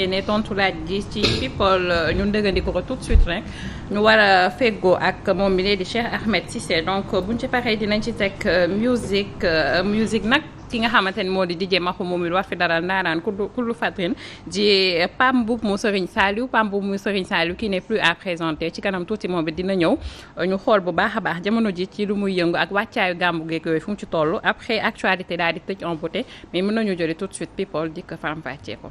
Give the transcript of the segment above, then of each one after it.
yéene tontu laaj gi ci people euh, ñu ndëgandiko ko tout de suite rek ñu war a feggoo ak moom mi lee di Cheikh Ahmed Cissé donc euh, buñ ci paree dinañ ci teg euh, music music nag ki nga xamante ni moo di DJ Maxu moom it war fi daral ndaanaan kullu kullu fatrin ji Pam Boub mu Serigne Saliou Pam Boub mu Serigne Saliou qui n'est plus à présenter ci kanam tuuti moom bi dina ñëw ñu xool bu baax a baax jamono ji ci lu muy yëngu ak wàccaayu gàmbu geeg yooyu fu mu ci toll après actualité daal di tëj en beauté mais mën nañu jëli tout de suite people di ko faram ko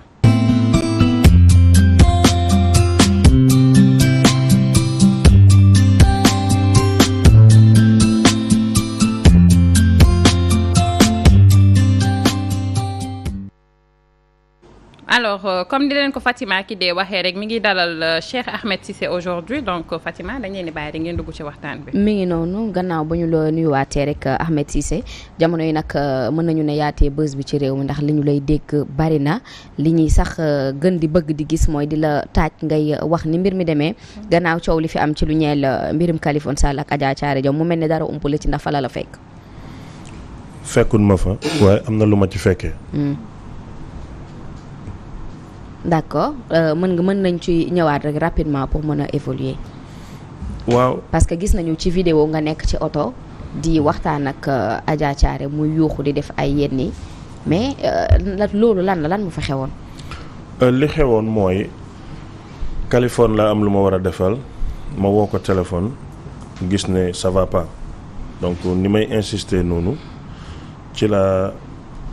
alors euh, comme di leen ko Fatima ki dee waxee rek mi ngi dalal euh, Cheikh Ahmed Cissé aujourd'hui donc euh, Fatima dañ leen di bàyyi rek ngeen dugg ci waxtaan bi. mi ngi noonu gannaaw ba ñu la nuyuwaatee rek euh, Ahmed Cissé jamono yi nag mën nañu ne yaatee bës bi ci réew mi ndax li ñu lay dégg bari na li ñuy sax gën di bëgg di gis mooy di la taaj ngay wax ni mbir mi demee mm-hmm. gannaaw coow li fi am ci lu ñeel mbirum Kaliphone Sall ak Adja Thiaré mu mel ni dara umpale ci ndax la la fekk. lu ma ci d'accord euh, mën nga mën nañ ci ñëwaat rek rapidement pour mën a évoluer. waaw parce que gis nañu ci vidéo nga nekk ci oto di waxtaan ak euh, Adja Thiaré muy yuuxu di def ay yenni mais euh, loolu lan la lan mu fa xewoon. li xewoon mooy Californie la am lu ma war a defal ma woo ko téléphone gis ne ça donc ni may insister noonu ci la.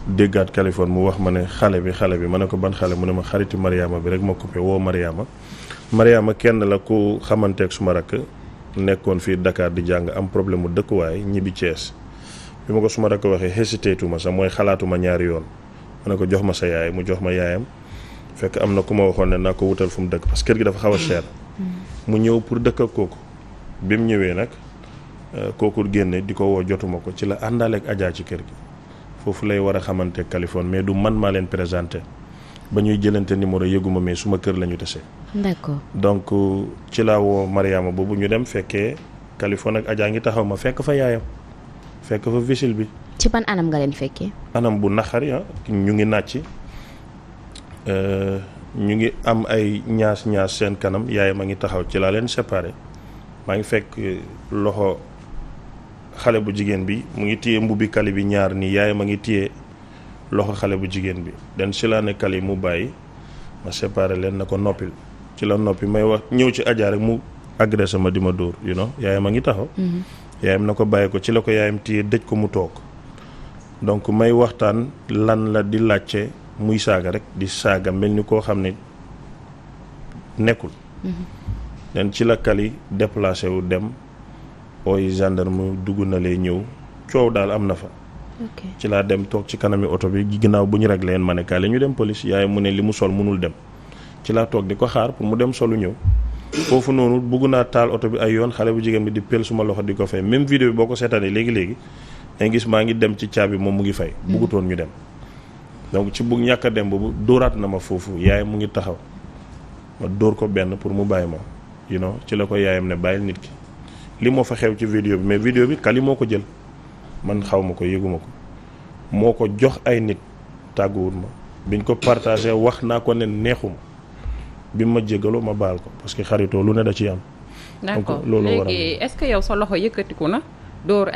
déggaat Californe mu wax ma ne xale bi xale bi ma ne ko ban xale mu ne ma xariti Mariama bi rek ma coupé woo Mariama Mariama kenn la ku xamanteeg suma rakk nekkoon fii ndakaar di jàng am problème mu dëkkuwaay ñibbi Thiès bi ma ko suma rakk waxee hésité tu ma sax mooy xalaatuma ñaari yoon ma ne ko jox ma sa yaay mu jox ma yaayam fekk am na ku ma waxoon ne naa ko wutal fu mu dëkk parce que kër gi dafa xaw a cher. mu ñëw pour dëkk kooku bi mu ñëwee nag euh, kooku génne di ko jotuma ko ci la àndaaleeg Adja ci kër gi. foofu lay war a xamante Californie mais du man maa leen présenté ba ñuy jëlante numéro yëguma mais suma kër la ñu tase. d'accord donc ci laa woo Mariama boobu ñu dem fekkee Californie ak Adja ngi taxaw ma fekk fa yaayam fekk fa vigile bi. ci ban anam nga leen fekkee. anam bu naqari ah ñu ngi nàcc euh, ñu ngi am ay ñaas ñaas seen kanam yaayam a ngi taxaw ci laa leen séparé maa ngi fekk loxo. xale bu jigéen bi mu ngi téye mbubbi kali bi ñaar nii yaay ma ngi téye loxo xale bu jigéen bi den si laa kali mu bàyyi ma séparé leen na ko noppil ci la noppi may wax ñëw ci Adja rek mu agressé sama di ma dóor you a ngi taxaw mm-hmm. yaayam na ko bàyyi ko ci la ko yaayam téye dëj ko mu toog donc may waxtaan lan la di laajte muy saaga rek di saaga mel ni koo xam ne nekkul mm-hmm. den ci la kali déplacé wu dem ooy gendarme dugg na lee ñëw coow daal am na fa. ci laa dem toog ci kanami oto bi ginnaaw bu ñu rek leen ma ne kaay la ñu dem police yaay mu ne li mu sol mënul dem ci laa toog di ko xaar pour mu dem solu ñëw. foofu noonu bugg naa taal oto bi ay yoon xale bu jigéen bi di pel suma loxo di ko fay même vidéo bi boo ko seetaanee léegi léegi nga gis maa ngi dem ci caabi moom mu ngi fay. Hmm. buggutoon ñu dem. donc ci bugg ñàkk a dem boobu dóoraat na ma foofu yaay mu ngi taxaw dóor ko benn pour mu bàyyi ma ci la ko yaayam ne bàyyil nit ki. li moo fa xew ci vidéo bi mais vidéo bi Kali moo ko jël man xaw ma ko yéguma ko moo ko jox ay nit tàgguwul ma biñ ko partagé wax naa ko ne neexuma bi ma jégalu ma baal ko parce que xaritoo lu ne da ci am. d'accord léegi est-ce que yow sa loxo yëkkatiku na dóor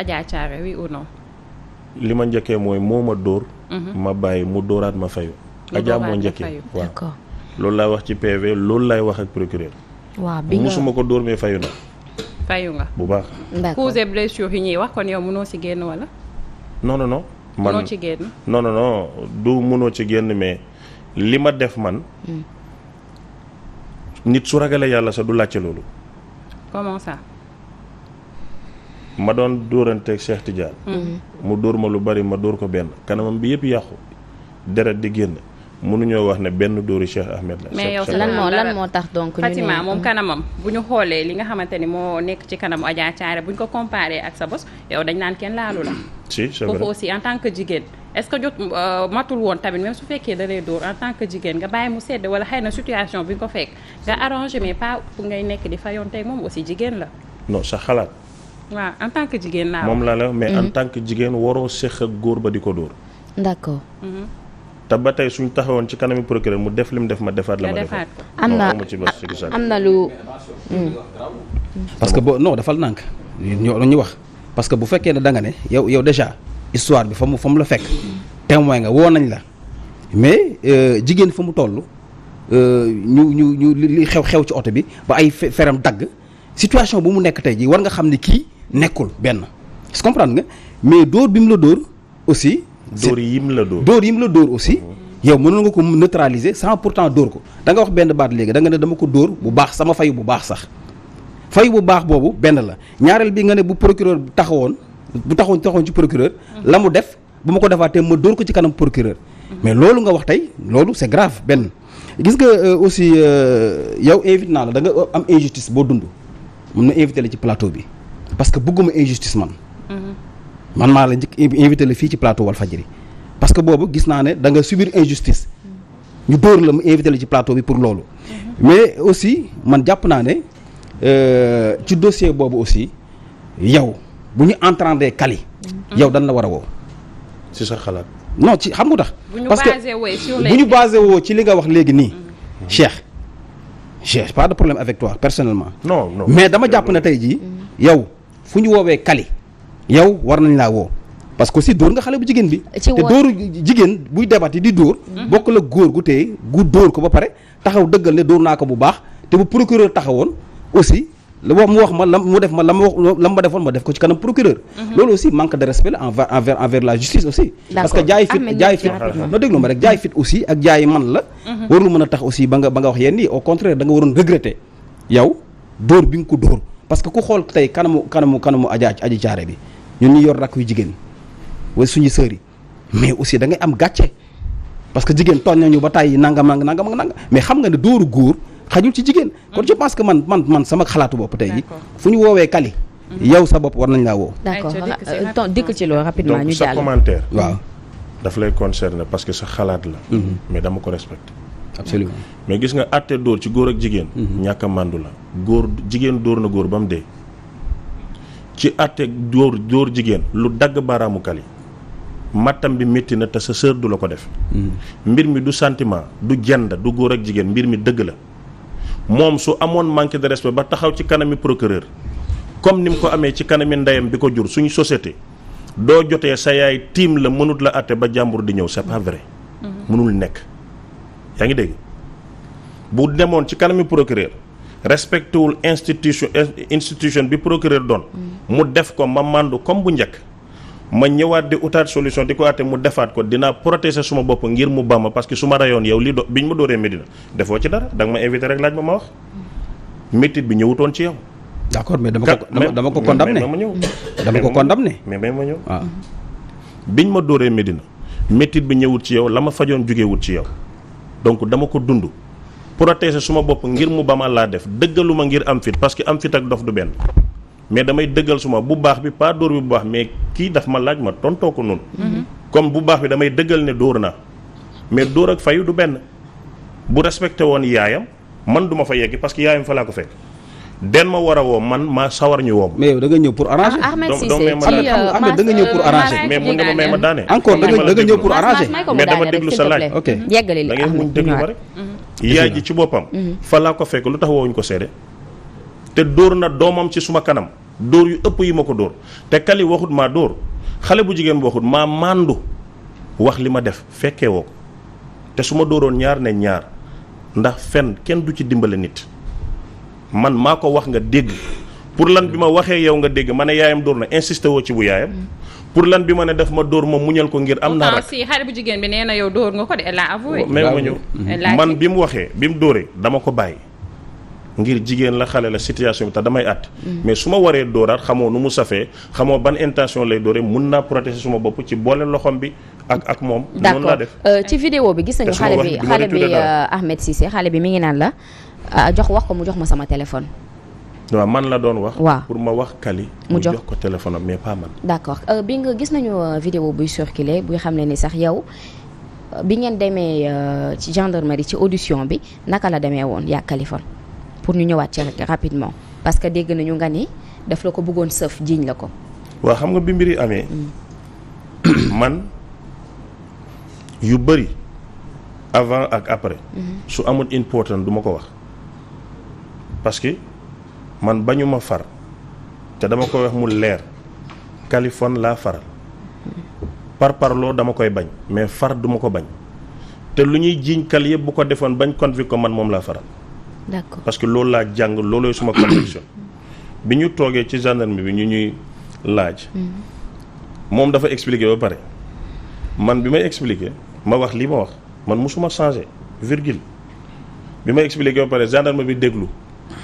li ma njëkkee mooy moo ma dóor. Mhm. ma bàyyi mu dóoraat ma fayu. Adja moo njëkkee loolu laay wax ci PV loolu laay wax ak procureur. waaw bi ko dóor mais fayu na. fayu nga bu baax. d'accord causes et blessures yi ñuy wax kon yow mënoo ci génn wala. non non non. man mënoo ci génn. non non non du mënoo ci génn mais li ma def man. Hmm. nit su ragalee yàlla sax du laajte loolu. comment ça. ma doon dóoranteeg Cheikh Tidiane. Hmm. Hmm. mu dóor ma lu bari ma dóor ko benn kanamam bi yëpp yàqu. deret di génn. mënuñoo wax ne benn dóori Cheikh Ahmed la. mais yow lan moo lan moo tax donc. ñu moom mm. kanamam bu ñu xoolee li nga xamante ni moo nekk ci kanamu Adja Thiaré bu ko comparé ak sa bos yow naan kenn laalu la. si en tant que jigéen. est-ce que jot euh, matul woon tamit même su fekkee da lay dóor tant que jigéen nga bàyyi mu sedd wala xëy na situation bi ko fekk nga arrangé mais pas nekk di fayonteeg moom aussi jigéen la. non sa xalaat. waaw en tant que jigéen laa moom laa la mais en mm-hmm. tant que jigéen waroo seq ak góor ba di ko dóor. d'accord. Mm-hmm. te ba tey suñ taxawoon ci kanami procureur mu def lim def ma defaat la ma defaat am na am na lu hmm. parce que boo non dafal nànk ñoo ñu wax parce que bu fekkee ne da nga ne yow yow déjà histoire bi fa mu fa mu la fekk témoin nga woo nañ la mais euh, jigéen fa mu toll euh, ñu ñu ñu li xew xew ci oto bi ba ay feram dagg situation bu mu nekk tey ji war nga xam ni kii nekkul benn comprendre nga mais dóor bi mu la dóor aussi dóor yim la dóor dóor yim la dóor aussi yow mënoon nga ko neutraliser sans pourtant dóor ko danga wax benn baat léegi danga nga ne dama ko dóor bu baax sama fayu bu baax sax fayu bu baax boobu benn la ñaareel bi nga ne bu procureur taxawoon bu taxawoon taxawoon ci procureur mm-hmm. la mu def bu ma ko defaatee ma dóor ko ci kanam procureur mm-hmm. mais loolu nga wax tey loolu c'est grave benn gis nga euh, aussi euh, yow invité naa la da nga am injustice boo dund mun na invité la ci plateau bi parce que bëgguma injustice man mm-hmm. man maa la njëkk invité la fii ci plateau Walfadjri parce que boobu gis naa ne da nga subir injustice ñu dóor la mu invité la ci plateau bi pour loolu mais aussi man jàpp naa ne euh, ci dossier boobu aussi yow bu ñu entendre Kali mm-hmm. yow dañ la war a woo ci sa xalaat non ci xam nga tax parce que bu ñu basé woo ci li nga wax léegi nii mm-hmm. Cheikh j'ai pas de problème avec toi personnellement non mais dama jàpp na tey jii mm-hmm. yow fu ñu woowee Kali yow war nañ laa woo parce que aussi dóor nga xale bu jigéen bi te dóoru jigéen buy débat yi di dóor mm-hmm. bokk la góor gu téye gu dóor ko ba pare taxaw dëggal ne dóor naa ko bu baax te bu procureur taxawoon aussi la wax wax ma la mu def ma la ma la ma defoon ma def ko ci kanam procureur mm-hmm. loolu aussi manque de respect la envers envers envers la justice aussi parce que jaay fit jaay fit non déglu ma rek jaay fit aussi ak jaay man la mm-hmm. warul mën a tax aussi ba nga ba nga wax yenn yi au contraire da nga waroon regretter yow dóor bi nga ko dóor parce que ku xool tey kanamu kanamu kanamu aja aji caare bi ñun ñu yor rakk yu jigéen wala suñu sœur yi mais aussi da ngay am gàcce parce que jigéen tooñ nañu ba tàyyi nangam nanga nangam nangam mais xam nga ne dóoru góor xajul ci jigéen. kon je que man man man sama xalaatu bopp tey jii. fu ñu woowee Kali. Mhm. yow sa bopp war nañ laa woo. d'accord ah, ah, dikk ci loolu rapidement ñu jàll donc sa commentaire. waaw daf lay concerner parce que sa xalaat la. Mhm. mais dama ko respecté. absolument mais gis nga àtte dóor ci góor ak jigéen. Mhm. ñàkk màndu la góor jigéen dóor na góor ba mu dee. ci àtteeg dóor dóor jigéen lu dagg baaraamu kali mattam bi métti na te sa sœur du la ko def mm-hmm. mbir mi du santiment du jënd du góor ak jigéen mbir mi dëgg la moom su amoon manque de respect ba taxaw ci kanami procureur comme ni mu ko amee ci kanami ndeyam bi ko jur suñu société doo jotee sa yaay tiim la mënut la àtte ba jàmbur di ñëw c'est pas vrai mm-hmm. mënul nekk yaa ngi dégg bu demoon ci kanami procureur respecté wul institution institution bi procureur doon. mu def ko ma màndu comme bu njëkk. ma ñëwaat di utaat solution di ko àtte mu defaat ko dinaa protéger suma bopp ngir mu bama parce que su ma rayoon yow li do biñ ma dóoree Medina defoo ci dara danga ma invité rek laaj ma ma wax métit bi ñëwutoon ci yow. d'accord mais dama ko dama ko condamné dama ñëw dama ko condamné mais mais ma ñëw waaw ah. biñ ma dóoree Medina métit bi ñëwut ci yow la ma fajoon jógewut ci yow donc dama ko dund protéger suma bopp ngir mu bamal laa def dëggalu ma ngir am fit parce que am fit ak dof du benn mais damay dëggal suma bu baax bi pas dóor bi bu baax mais kii daf ma laaj ma tontoo ko noonu. comme bu baax bi damay dëggal ne dóor naa mais dóor ak fayu du benn bu respecté woon yaayam man du ma fa yegg parce que yaayam fa laa ko fekk. den ma war a woo man ma sawar ñu woo. mais yow da nga ñëw pour arranger. donc donc da nga ñëw pour mais mun nga ma may ma daane. encore da nga ñëw pour arranger. yaay ji ci boppam mhm. fa laa ko fekk lu tax woowuñu ko seede te dóor na doomam ci suma kanam dóor yu ëpp yi ma ko dóor te kali waxut maa dóor xale bu jigéen waxut maa màndu wax li ma def fekkee woo ko te su ma dóoroon ñaar ne ñaar ndax fenn kenn du ci dimbale nit man maa ko wax nga dégg pour lan bi ma waxee yow nga dégg ma ne yaayam dóor na insisté woo ci bu yaayam mhm. pour lan bi ma ne def ma dóor ma muñal ko ngir am naa rak si xale bu jigéen nee na yow dóor nga a ma man bi mu waxee bi mu dóoree dama ko bàyyi ngir jigéen la xale la situation bi te damay at mm. mais su ma waree dóoraat xamoo nu mu safee xamoo ban intention lay dóoree mun naa protéger suma bopp ci boole loxom bi ak ak moom noonu laa def euh, ci vidéo bi gis nañu xale bi xale euh, bi Ahmed Cissé xale bi mi ngi naan la euh, jox wax ko mu jox ma sama téléphone waaw man la doon wax. waaw pour ma wax Kali. mu jox ko téléphone am mais pas man. d'accord euh, bi nga gis nañu euh, vidéo buy circuler buy xam ne ni sax yow euh, bi ngeen demee ci gendarmerie ci audition bi naka la demee woon yaa pour ñu ñëwaat ci rapidement parce que dégg nañu nga ni daf la ko bëggoon sëf jiiñ la ko. waaw xam nga bi mbir yi amee. Mm. man yu bëri avant ak après. Mm-hmm. su amul important du ko wax parce man ba ma far te dama koy wax mu leer Kaliphone laa faral par parloo dama koy bañ mais far duma ko bañ te lu ñuy jiiñ kal yëpp bu ko defoon bañ convict ko man moom laa faral d'accord parce que loolu laa jàng loolooy suma conviction bi ñu toogee ci gendarme bi ñu ñuy laaj mm-hmm. moom dafa expliquer ba pare man bi may expliquer ma wax lii ma wax man musuma changer virgule bi may expliquer ba pare gendarme bi déglu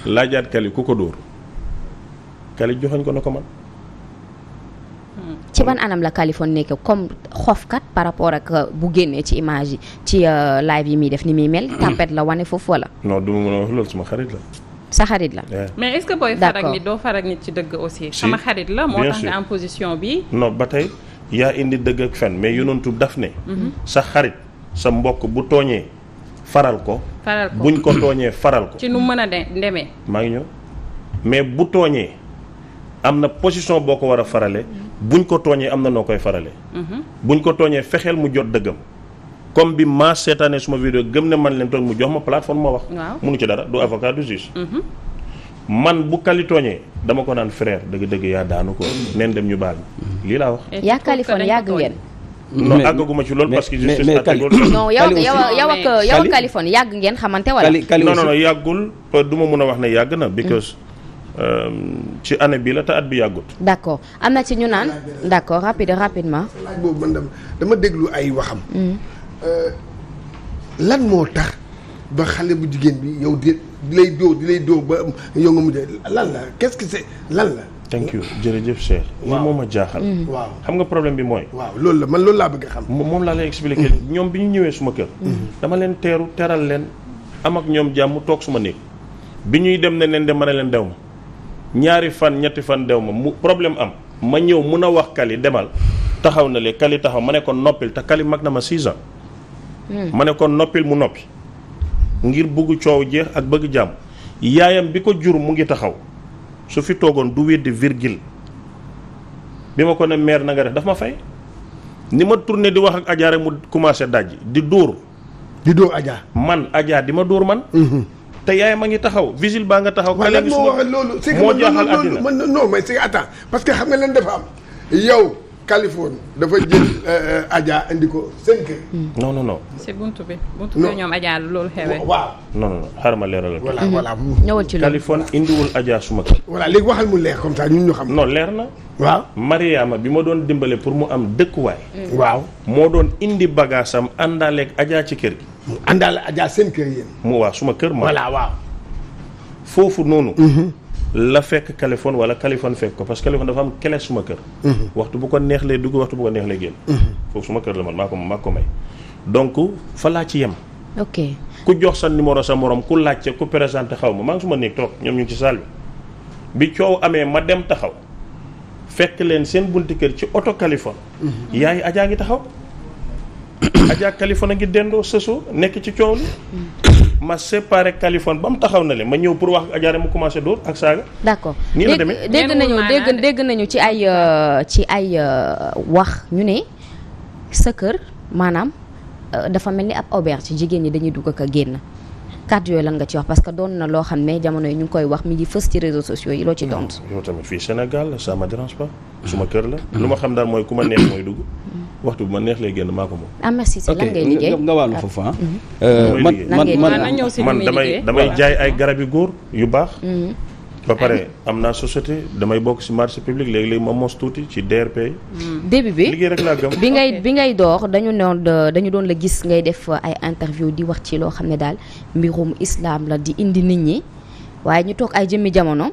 laajaat kali ku ko dóor kali joxoñ ko na ko man ci ban anam la Kaliphone nekk comme xofkat par rapport ak euh, bu génnee ci image yi ci euh, live yi muy def ni muy mel. Mm-hmm. tapet la wane foofu wala. non du ma mën a wax loolu sama xarit la. sa xarit la. mais est-ce que booy far ak nit doo far nit ci dëgg aussi. sama xarit la moo tax nga am position bi. non ba tey yaa indi dëgg ak fen mais yonantu daf ne. Mm-hmm. sa xarit sa mbokk bu tooñee faral ko. faral ko buñ ko tooñee faral ko. ci nu mën a de demee. maa ngi ñëw mais bu tooñee am na position boo ko war a farale buñ ko tooñee am na noo koy farale mm-hmm. buñ ko tooñee fexeel mu jot dëggam. comme bi ma seetaanee suma vidéo gëm ne man leen tooñ mu jox ma plateforme ma wax. waaw munu ci dara du avocat du juge. Mm-hmm. man bu kali dama ko naan frère dëgg-dëgg yaa daanu ko. neen dem ñu baal mm-hmm. lii laa wax. yaa yàgg ngeen. non àggaguma ci loolu parce que. mais mais Kali non yow ak yow yàgg ngeen xamante wala. Kali non non yàggul euh, du mun a wax ne yàgg na. Mm. because euh, ci année bi la te at bi yàggut. d' accord am na ci ñu naan d' accord rapide rapidement. laaj boobu man dama déglu ay waxam. Mm. Euh, lan moo tax ba xale bu jigéen bi yow di lay dóor di lay dóor ba yow nga mujj lan la qu'est-ce que c'est lan la. thank jërëjëf Cheikh. waaw li moom a jaaxal. Mm-hmm. waaw xam nga problème bi mooy. loolu la man loolu laa bëgg a xam. moom laa lay expliqué. Mm-hmm. ñoom bi ñu ñëwee suma kër. Mm-hmm. dama leen teeru teral leen am ak ñoom jàmm toog suma néeg bi ñuy dem ne leen de mën a leen dew ma ñaari fan ñetti fan dew ma mu problème am ma ñëw mun a wax kali demal taxaw na leen kali taxaw ma ne ko noppil te kali mag na ma 6 mm. ma ne ko noppil mu noppi. ngir bëgg coow jeex ak bëgg jàmm yaayam bi ko jur mu ngi taxaw. su fi toogoon du weddi virgule bi ma ko ne maire na nga def daf ma fay ni ma tourné di wax ak Adja rek mu commencé daj di dóor. di dóor Adja. man ajaar di ma dóor man. Mhm. te yaay ma ngi taxaw vigile baa nga taxaw. waaye lan moo wax loolu moo jaaxal àddina man non mais c'est attends parce que xam nga leen dafa am yow. Californie dafa jël euh, Adja indi ko seen kër. non non non. si buntu bi buntu bi ñoom Adja loolu xewee. waaw non non leeralal. voilà voilà mhm. ñëwal ci loolu indiwul Adja suma kër. voilà léegi waxal mu leer xam. non leer na. waaw Mariama bi ma doon dimbale pour mu am dëkkuwaay. Mm. waaw moo doon indi bagage am àndaaleeg Adja ci kër gi. mu àndaale Adja seen kër yéen. mu waaw suma kër ma. foofu noonu. Mhm. la fekk Kaliphone wala kalifon fekk ko parce que Kaliphone dafa am clé suma kër. Mhm. waxtu bu ko neexlee dugg waxtu bu ko neexlee génn. Mhm. foofu suma kër la man maa ko maa may. donc fa laa ci yem. ok ku jox sa numéro sa moroom ku laajte ku présenté xaw ma maa ngi suma néeg toog ñoom ñu ngi ci salle bi bi coow amee ma dem taxaw fekk leen seen buntu kër ci oto Kaliphone. Mhm. yaay ajaa ngi taxaw. Adja Kaliphone a ngi dendoo sësu nekk ci coow li. ma séparé Kaliphone ba mu taxaw na leen ma ñëw pour wax ak Adja mu commencé dóor ak saaga. d' accord nii la demee dégg nañu dégg dégg nañu ci ay euh, ci ay euh, wax ñu ne sa kër maanaam euh, dafa mel ni ab auberge ci jigéen ñi dañuy dugg ak génn. kàddu yooyu lan nga ci wax parce que doon na loo xam ne jamono yi ñu ngi koy wax mi ngi fës ci réseaux sociaux yi loo ci doon. Ah, yow tamit fii Sénégal ça me dérange pas. suma kër la. lu ma xam daal mooy ku ma neex mooy dugg. waxtu bu ma neex lay génn maa ko moom. ah merci si lan ngay liggéey nga wàllu foofu ah. Mm-hmm. Euh, man man man damay damay jaay ay garab yu góor yu baax. Mm-hmm. ba pare am naa société damay bokk ci marché public léegi-léegi ma mos tuuti ci DRP. Mm-hmm. début bi liggéey rek laa gëm. bi ngay bi ngay door dañu noon euh, dañu doon la gis ngay def euh, ay interview di wax ci loo xam ne daal mbirum islaam la di indi nit ñi waaye ñu toog ay jëmmi jamono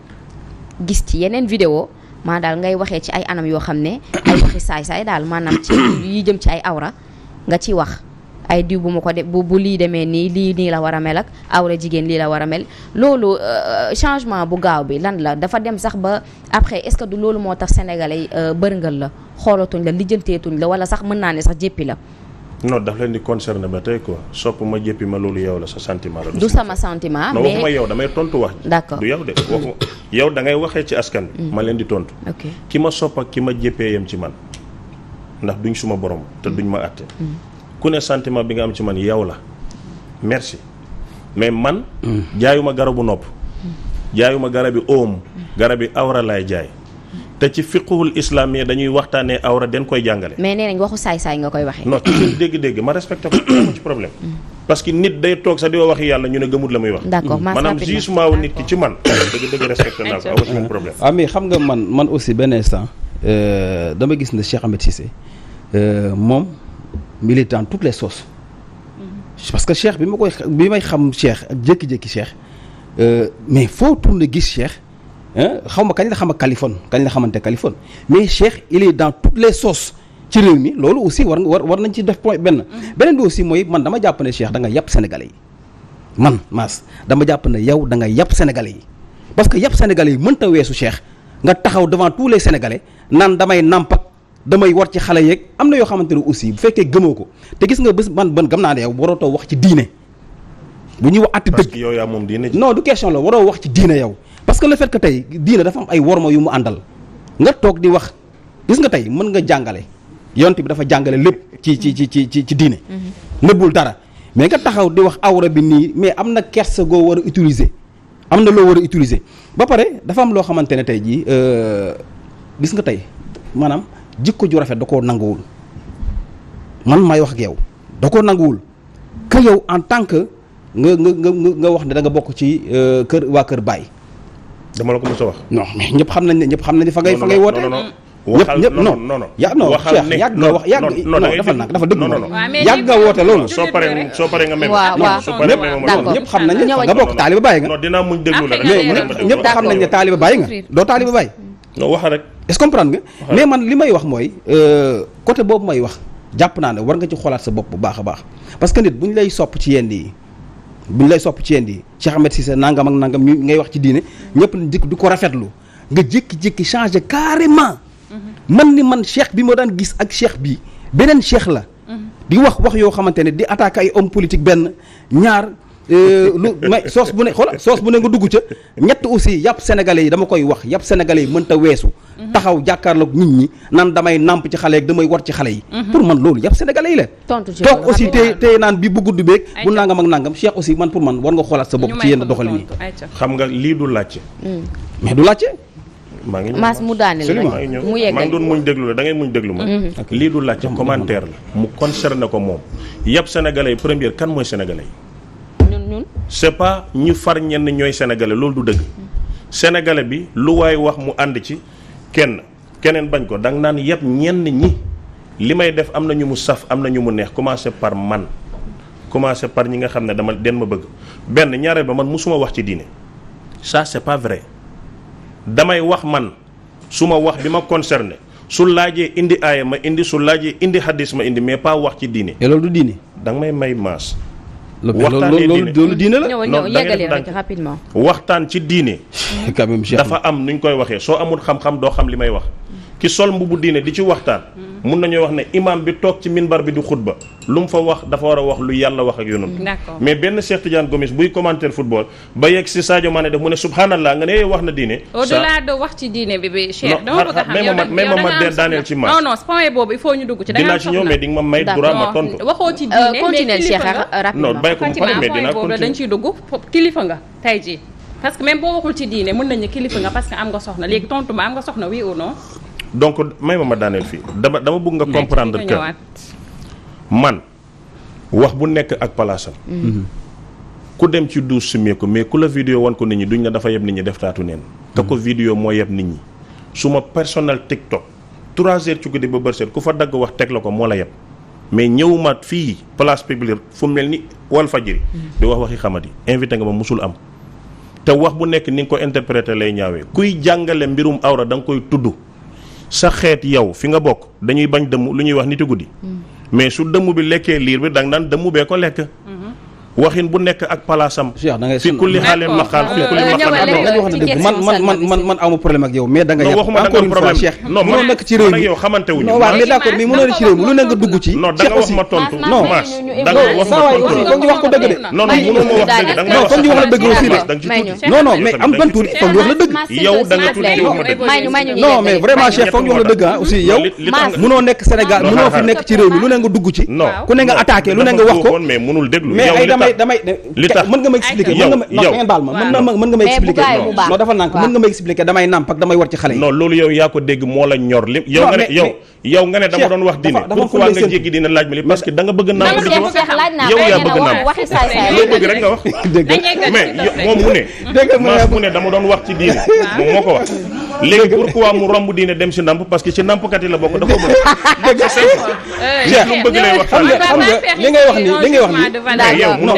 gis ci yeneen vidéo maa daal ngay waxee ci ay anam yoo xam ne ay waxi saay-saay daal maanaam ci yi jëm ci ay awra nga ci wax ay diw bu ma ko de bu lii demee nii lii nii la war a mel ak awra jigéen lii la war a mel loolu euh, changement bu gaaw bi lan la dafa dem sax ba après est-ce que du loolu moo tax sénégalais euh, bërngël la xoolatuñ la lijjanteetuñ la wala sax mën naa ne sax jéppi la non daf leen di concerné ba tey ko sopp ma jéppi ma loolu yow la sa sentiment la. du sama na mais waxuma yow damay tontu wax ji. d'accord du yow de waxuma mm. yow dangay ngay waxee ci askan bi mm. ma leen di tontu. ki ma sopp ak ki ma jéppee yam ci man ndax duñ suma borom te mm. duñ ma àtte. ku ne sentiment bi nga am ci man yow la merci mais man. jaayuma garabu nopp. jaayuma garabi oom. garabi awra laay jaay. te ci fiqhul islamiyya dañuy waxtaanee awra den koy jàngale. mais nee nañ waxu saay-saay nga koy waxee. non ci dégg-dégg ma respecté ko ci problème. Mm. parce que nit day toog sax di wax yàlla ñu ne gëmut la muy wax. d'accord maanaam jugement wu nit ki man. dëgg dëgg respecté naa ko ah, xam nga man man aussi benn instant euh, dama gis ne Cheikh Ahmed Cissé euh, moom militant tout les sauces. Mm-hmm. parce que Cheikh bi ma koy bi may xam Cheikh ak jékki-jékki Cheikh euh, mais foo tourné gis Cheikh. xaw ma kañ la xam ak Kaliphone kañ la xamante Kaliphone mais Cheikh il est dans toutes les sauces ci réew mi loolu aussi war war war nañ ci def point benn. beneen bi aussi mooy man dama jàpp ne Cheikh da nga yàpp sénégalais yi man Mass dama jàpp ne yow da nga yàpp sénégalais yi parce que yàpp sénégalais yi mënta weesu Cheikh nga taxaw devant tous les sénégalais naan damay nampak damay war ci xale yeeg am na yoo xamante ne aussi bu fekkee gëmoo ko te gis nga bés man ban gëm naa ne yow warootoo wax ci diine. bu ñuy wax atti dëgg parce moom diine non du question la wax ci diine yow parce que la fait que tey diine dafa am ay worma yu mu àndal nga toog di wax gis nga tey mën nga jàngale yonent bi dafa jàngale lépp ci ci ci ci ci diine mhm. nëbbul dara mais nga taxaw di wax awra bi nii mais am na kersa goo war a utiliser am na loo war a utiliser ba pare dafa am loo xamante ne tey jii euh, gis nga tey maanaam jikko ju rafet da koo nanguwul man may wax ak yow da koo nanguwul que yow en tant que nga nga nga nga wax ne da nga bokk ci euh, kër waa kër Baye dama la ko mos a wax. non mais ñëpp xam nañ ne ñëpp xam nañ ne fa ngay fa ngay woote. waxal ñëpp non non yàgg non yàgg nga wax yàgg non dafa nag dafa dëgg moom yàgg nga woote loolu soo paree soo paree nga même ñëpp xam nañ ne nga bokk taaliba bàyyi nga dinaa muñ déglu la mais ñëpp xam nañ ne taaliba bàyyi nga doo taaliba bàyyi non wax rek est-ce nga mais man li may wax mooy euh, côté boobu may wax jàpp naa ne war nga ci xoolaat sa bopp bu baax a baax parce que nit bu ñu lay sopp ci yenn yi buñ lay sopp ci yi Cheikh Ahmed Cissé nangam ak nangam ñu ngay wax ci diine ñëpp di du ko rafetlu nga jékki-jékki changé carrément mm-hmm. man ni man cheikh bi moo daan gis ak cheikh bi beneen cheikh la mm-hmm. di wax wax yoo xamante ne di attaqué ay homme politique benn ñaar Euh, lu may soos bu ne xoola soos bu ne nga dugg ca ñett aussi yàpp senegale yi dama koy wax yàpp sénégalais yi mënta weesu mhm. taxaw jàkkaarloog nit ñi nan damay nàmp ci xale yi damay war ci xale yi mhm. pour man loolu yàpp sénégalais yi la toog naan bi bu gudd beeg nangam ak nangam Cheikh aussi man pour man war nga xoolaat sa bopp ci yenn doxalin yi xam nga lii du laajte mm. mais du maa ngi ñëw mu daaneel la mu maa ngi doon muñ déglu la da ngay muñ déglu ma. Mm-hmm. lii du laajte commentaire la. mu concerné ko moom. yëpp sénégalais yi première kan mooy sénégalais yi. noonu. c'est pas ñu far ñenn ñooy sénégalais loolu du dëgg. sénégalais bi lu waaye wax mu ànd ci kenn keneen bañ ko da nga naan yëpp ñenn ñi li may def am na ñu mu saf am na ñu mu neex commencé par man. commencé par ñi nga xam ne dama den ma bëgg benn ñaareel ba man suma wax ci diine ça c'est pas vrai damay wax man su ma wax bi ma concerné su laajee indi aaya ma indi su laajee indi hadis ma indi mais pas wax ci diine. et loolu danga may may maas. waxtaanee diine loolu diine la. ñëw yeggali rek rapidement waxtaan ci diine. quand même dafa am ñu koy waxee soo amul xam-xam doo xam li may wax. ki sol mbubu diine di ci waxtaan mm-hmm. mun nañoo wax ne imam bi toog ci minbar bi di xutba lu mu fa wax dafa war a wax lu yàlla wax ak yonent mais benn Cheikh Tidiane Gomis buy commentaire football ba yegg si Sadio Mané def mu ne subhanallah nga ne eh, wax na diine bi bi Cheikh dama bëgg a xam yow may ma ma daaneel ci ma non non point boobu il faut ñu dugg ci da dinaa ci ñëw mais di nga ma may droit ma tontu waxoo ci diine euh, mais donc may ma ma daaneel fii dama dama bëgg nga comprendre que man wax bu nekk ak palaasam mm-hmm. ku dem ci duus simmeeku mais ku la vidéo wan ko nit ñi duñ la dafa yeb nit ñi def taatu neen te ko mm-hmm. vidéo moo yeb nit ñi suma personnel TikTok trois heures ci guddi ba bërset ku fa dagg wax teg la ko moo la yeb mais ñëwuma fii place publique fu mu mel ni Walfadjri mm-hmm. di wax waxi xamat invité nga ma mosul am te wax bu nekk ni nga ko interprété lay ñaawee kuy jàngale mbirum awra da nga koy tudd sa xeet yow fi nga bokk dañuy bañ dëmm lu ñuy wax niti guddi hmm. mais su dëmm bi lekkee liir bi danga daan dëmm bee ko lekk waxin bu nekk ak palaasam. fi kulli xaalim maqaal fi kulli maqaal ma tontu non da nga ma tontu comme ñu wax ma wax ma nga dugg ci ku ne nga attaqué lu ne nga wax ko mais mënul déglu yow damay damay li tax mën nga ma expliquer mën nga ma ngeen baal ma mën na mën nga ma expliquer non dafa nànk mën nga ma expliquer damay nàmp ak damay war ci xale yi non loolu yow yaa ko dégg moo la ñor li yow nga ne yow yow nga ne dama doon wax diine pourquoi nga jéggi diine laaj ma li parce que da nga bëgg nàmp di ci wax yow yaa bëgg nàmp loo bëgg rek nga wax dégg mais moom mu ne mas mu ne dama doon wax ci diine moom moo ko wax léegi pourquoi mu romb diine dem si nàmp parce que ci nàmpkat yi la bokk dafa bëgg dégg lu euh, mu bëgg lay wax xam nga li ngay wax ni li ngay wax ni yow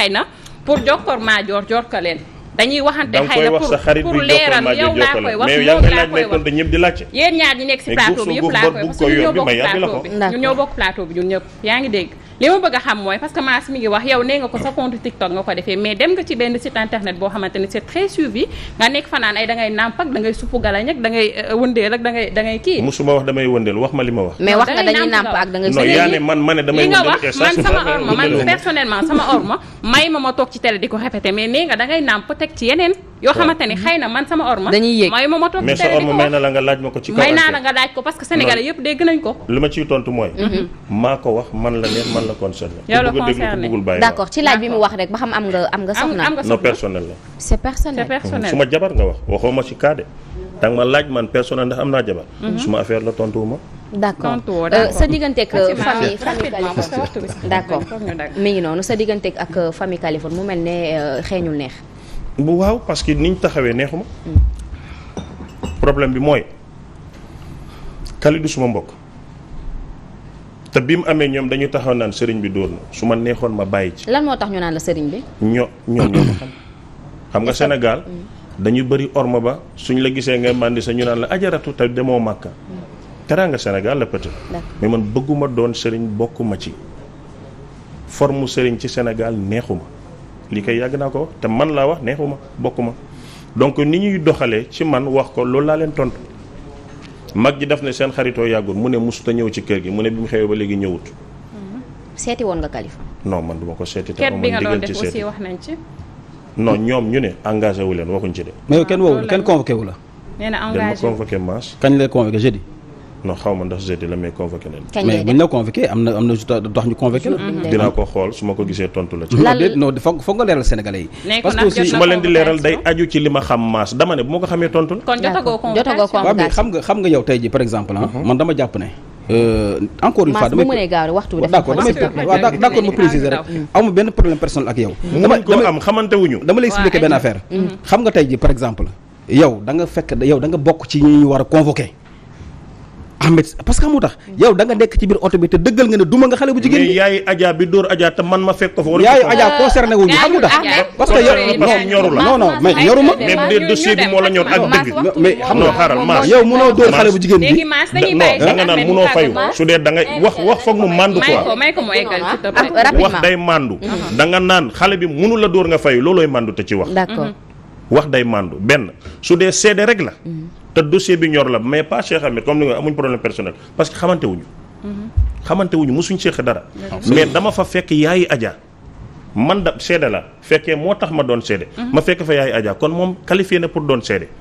xëy na pour jokkoor maajoor jorka leen dañuy waxante xëy na pour pour leeral yow laa koy wax yow laa koy wax yéen ñaar ñi nekk si plateau bi yëpp laa koy wax parce que ñun ñoo bokk plateau bi ñun ñoo bokk plateau bi ñun ñëpp yaa ngi dégg li ma bëgg a xam mooy parce que Mass mi ngi wax yow nee nga ko sa compte TikTok nga ko defee mais dem nga ci benn site internet boo xamante ne c'est très suivi nga nekk fanaan ay da ngay nàmp ak da ngay suppu galañ ak da ngay euh, wëndeel ak da ngay da ngay kii musuma wax damay wëndeel wax ma li ma wax mais wax nga dañuy nàmp ak da ngay non yaa ne man ma ne damay wëndeel man sama orma man personnellement sama orma may ma ma toog ci télé di ko répété mais nee nga da ngay nàmp teg ci yeneen yoo xamante ne xëy na man sama orma dañuy sa orma may na laaj ma ko ci la nga ko parce que sénégalais mhm. ko wax man la neex man la concerné yow la concerné bëggul bàyyi d'accord ci laaj bi mu wax rek ba xam am nga soxna am personnel la su ma jabar nga wax waxoo ma ci kaade danga laaj man personnel ndax am naa jabar mhm. su ma affaire la tontuwuma euh, d'accord sa digganteeg euh, famille famille Kaliphone d'accord mi ngi noonu sa digganteeg ak euh, famille Kaliphone mu mel ne xeeñul neex bu waaw parce que niñ taxawee neexuma problème bi mooy Kalidou suma mbokk te bii mu amee ñoom dañu taxaw naan sëriñ bi dóor na su ma neexoon ma bàyyi ci. lan moo tax ñu naan la sëriñ bi. ñoo ñoom ñoo xam nga Sénégal mm. dañu bëri orma ba suñ la gisee ngay màndi sa ñu naan la ajaratu te demoo Màkka. Mm. teraanga Sénégal la peut-être man bëgguma doon sëriñ bokkuma ci formu sëriñ ci Sénégal neexuma. lii koy yàgg naa ko te man laa wax neexuma bokkuma donc ni ñuy doxalee ci man wax ko loolu laa leen tontu mag ji def ne seen xaritoo yàggul mu ne musuta ñëw ci kër gi mu ne bi mu xewee ba léegi ñëwut. Mm-hmm. seeti woon nga Kaliphone. noo man duma ko seeti. te moom man ci seeti wax nañ ci. non ñoom ñu ne engagé wu leen waxuñ ci de. mais kenn woowul kenn convoqué wu la. nee na engagé ma convoqué maas. kañ la convoqué jeudi. non xaw ma ndax jeudi la mais convoqué nañu. mais buñ la convoqué am na am ñu convoqué la. Mm-hmm. dinaa ko xool su ma ko gisee tontu la ci. lan non nga leeral sénégalais yi. par exemple ah, mm-hmm. man dama jàpp ne. Euh, encore une fois damay d'accord damay d'accord ma préciser rek amul benn problème personnel ak yow. Mm-hmm. dama dama am xamante dama lay expliquer benn affaire. xam nga tey ji par exemple yow da nga fekk yow da nga bokk ci ñi ñu war a Ahmed parce que xamoo tax. yow danga nekk ci biir oto bi te dëggal nga ne duma nga xale bu jigéen bi. yaayu Adja bi dóor Adja te man ma fekk ko fa. wala yaayu Adja concerné wu ñu xamu tax. la non non mais ñoru ma. mais bu dee dossier bi moo la ñor ak dëgg. mais xam nga xaaral maas yow mënoo dóor xale bu jigéen bi. non da naan mënoo fayu su dee da nga wax wax foog mu màndu quoi. Ah, wax day màndu. Mhm. da nga naan xale bi mënu la dóor nga fayu loolooy màndu te ci wax. wax day màndu benn su dee seede rek la mhm. te dossier bi ñor la mais pas Cheikh Ahmed comme ni nga amuñ problème personnel parce que xamante wuñu xamante wuñu mosuñ seeq dara mais dama fa fekk yaayi Adja man da seede la fekkee moo tax ma doon seede ma fekk fa yaayi ajaa kon moom qualifié na pour doon seede